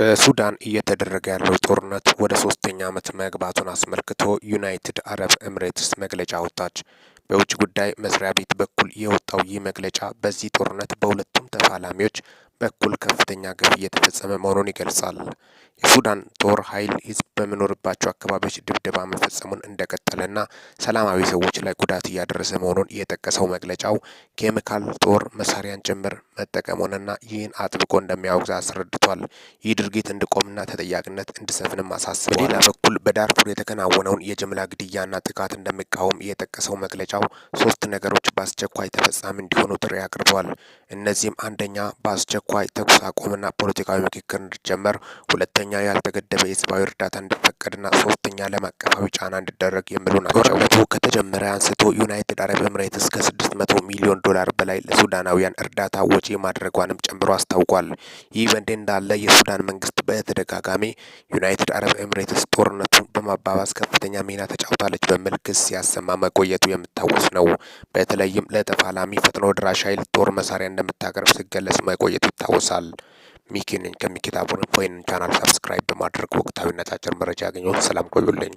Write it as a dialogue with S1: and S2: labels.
S1: በሱዳን እየተደረገ ያለው ጦርነት ወደ ሶስተኛ ዓመት መግባቱን አስመልክቶ ዩናይትድ አረብ ኤምሬትስ መግለጫ አወጣች። በውጭ ጉዳይ መስሪያ ቤት በኩል የወጣው ይህ መግለጫ በዚህ ጦርነት በሁለቱም ተፋላሚዎች በኩል ከፍተኛ ግፍ እየተፈጸመ መሆኑን ይገልጻል። የሱዳን ጦር ኃይል ህዝብ በሚኖርባቸው አካባቢዎች ድብደባ መፈጸሙን እንደቀጠለና ሰላማዊ ሰዎች ላይ ጉዳት እያደረሰ መሆኑን የጠቀሰው መግለጫው ኬሚካል ጦር መሳሪያን ጭምር መጠቀሙንና ይህን አጥብቆ እንደሚያወግዝ አስረድቷል። ይህ ድርጊት እንዲቆምና ተጠያቂነት እንዲሰፍንም አሳስቧል። በሌላ በኩል በዳርፉር የተከናወነውን የጅምላ ግድያና ጥቃት እንደሚቃወም የጠቀሰው መግለጫው ሶስት ነገሮች በአስቸኳይ ተፈጻሚ እንዲሆኑ ጥሪ አቅርበዋል። እነዚህም አንደኛ በአስቸኳይ ተኩስ አቁምና ፖለቲካዊ ምክክር እንዲጀመር፣ ሁለተኛ ያልተገደበ የሰብአዊ እርዳታ እንዲፈቀድና ሶስተኛ ዓለም አቀፋዊ ጫና እንዲደረግ የሚሉ ናቸው። ጦርነቱ ከተጀመረ አንስቶ ዩናይትድ አረብ ኤምሬትስ ከስድስት መቶ ሚሊዮን ዶላር በላይ ለሱዳናውያን እርዳታ ወጪ ማድረጓንም ጨምሮ አስታውቋል። ይህ በእንዲህ እንዳለ የሱዳን መንግስት በተደጋጋሚ ዩናይትድ አረብ ኤምሬትስ ጦርነቱን በማባባስ ከፍተኛ ሚና ተጫውታለች በሚል ክስ ያሰማ መቆየቱ የሚታወስ ነው። በተለይም ለተፋላሚ ፈጥኖ ድራሽ ኃይል ጦር መሳሪያ እንደምታቀርብ ሲገለጽ መቆየቱ ይታወሳል። ሚኪንን ከሚኪታቡን ከሚኪታቡር ቻናል ሰብስክራይብ በማድረግ ወቅታዊና አጫጭር መረጃ ያገኘው። ሰላም ቆዩልኝ።